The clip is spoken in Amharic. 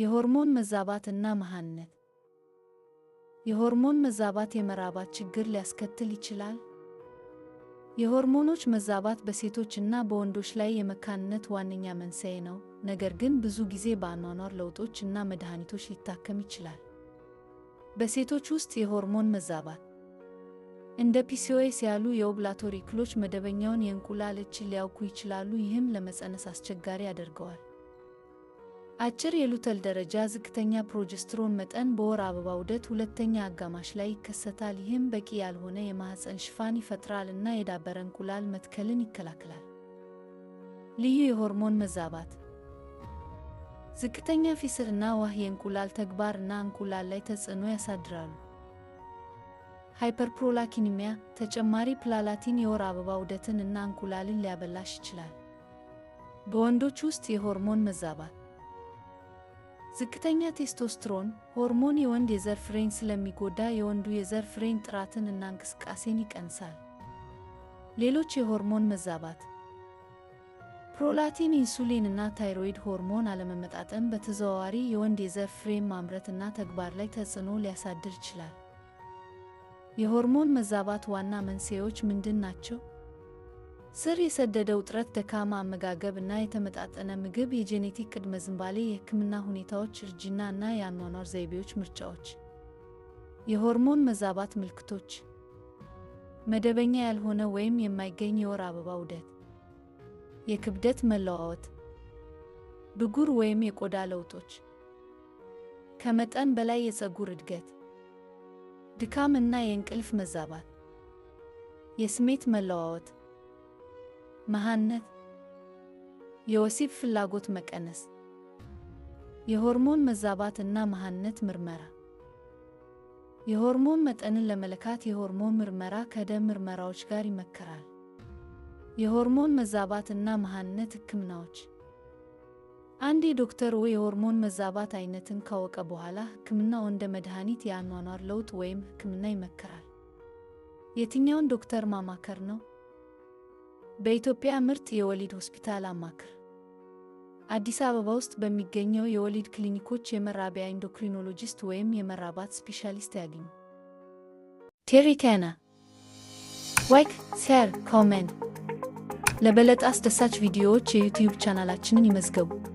የሆርሞን መዛባት እና መሃንነት የሆርሞን መዛባት የመራባት ችግር ሊያስከትል ይችላል። የሆርሞኖች መዛባት በሴቶች እና በወንዶች ላይ የመካንነት ዋነኛ መንስኤ ነው፣ ነገር ግን ብዙ ጊዜ በአኗኗር ለውጦች እና መድኃኒቶች ሊታከም ይችላል። በሴቶች ውስጥ የሆርሞን መዛባት እንደ ፒሲኦኤስ ያሉ የኦቭላቶሪ እክሎች መደበኛውን የእንቁላል ሊያውኩ ይችላሉ፣ ይህም ለመፀነስ አስቸጋሪ ያደርገዋል። አጭር የሉተል ደረጃ ዝቅተኛ ፕሮጀስትሮን መጠን በወር አበባ ዑደት ሁለተኛ አጋማሽ ላይ ይከሰታል። ይህም በቂ ያልሆነ የማህፀን ሽፋን ይፈጥራል እና የዳበረ እንቁላል መትከልን ይከላከላል። ልዩ የሆርሞን መዛባት፣ ዝቅተኛ ፊስር እና ዋህ የእንቁላል ተግባር እና እንቁላል ላይ ተጽዕኖ ያሳድራሉ። ሃይፐርፕሮላኪኒሚያ፣ ተጨማሪ ፕላላቲን የወር አበባ ዑደትን እና እንቁላልን ሊያበላሽ ይችላል። በወንዶች ውስጥ የሆርሞን መዛባት ዝቅተኛ ቴስቶስትሮን ሆርሞን የወንድ የዘር ፍሬን ስለሚጎዳ የወንዱ የዘር ፍሬን ጥራትን እና እንቅስቃሴን ይቀንሳል። ሌሎች የሆርሞን መዛባት፣ ፕሮላቲን ኢንሱሊን እና ታይሮይድ ሆርሞን አለመመጣጠን በተዘዋዋሪ የወንድ የዘር ፍሬን ማምረት እና ተግባር ላይ ተጽዕኖ ሊያሳድር ይችላል። የሆርሞን መዛባት ዋና መንስኤዎች ምንድን ናቸው? ስር የሰደደ ውጥረት፣ ደካማ አመጋገብ እና የተመጣጠነ ምግብ፣ የጄኔቲክ ቅድመ ዝንባሌ፣ የህክምና ሁኔታዎች፣ እርጅና እና የአኗኗር ዘይቤዎች ምርጫዎች። የሆርሞን መዛባት ምልክቶች፣ መደበኛ ያልሆነ ወይም የማይገኝ የወር አበባ ዑደት፣ የክብደት መለዋወጥ፣ ብጉር ወይም የቆዳ ለውጦች፣ ከመጠን በላይ የፀጉር እድገት፣ ድካም እና የእንቅልፍ መዛባት፣ የስሜት መለዋወጥ መሃነት፣ የወሲብ ፍላጎት መቀነስ፣ የሆርሞን መዛባት እና መሃንነት ምርመራ። የሆርሞን መጠንን ለመለካት የሆርሞን ምርመራ ከደም ምርመራዎች ጋር ይመከራል። የሆርሞን መዛባት እና መሃንነት ህክምናዎች አንድ ዶክተር የሆርሞን መዛባት አይነትን ካወቀ በኋላ ህክምናው እንደ መድኃኒት፣ የአኗኗር ለውጥ ወይም ህክምና ይመከራል። የትኛውን ዶክተር ማማከር ነው? በኢትዮጵያ ምርጥ የወሊድ ሆስፒታል አማክር። አዲስ አበባ ውስጥ በሚገኘው የወሊድ ክሊኒኮች የመራቢያ ኢንዶክሪኖሎጂስት ወይም የመራባት ስፔሻሊስት ያግኙ። ከና ዋይክ ሴር ኮሜንት ለበለጠ አስደሳች ቪዲዮዎች የዩትዩብ ቻናላችንን ይመዝገቡ።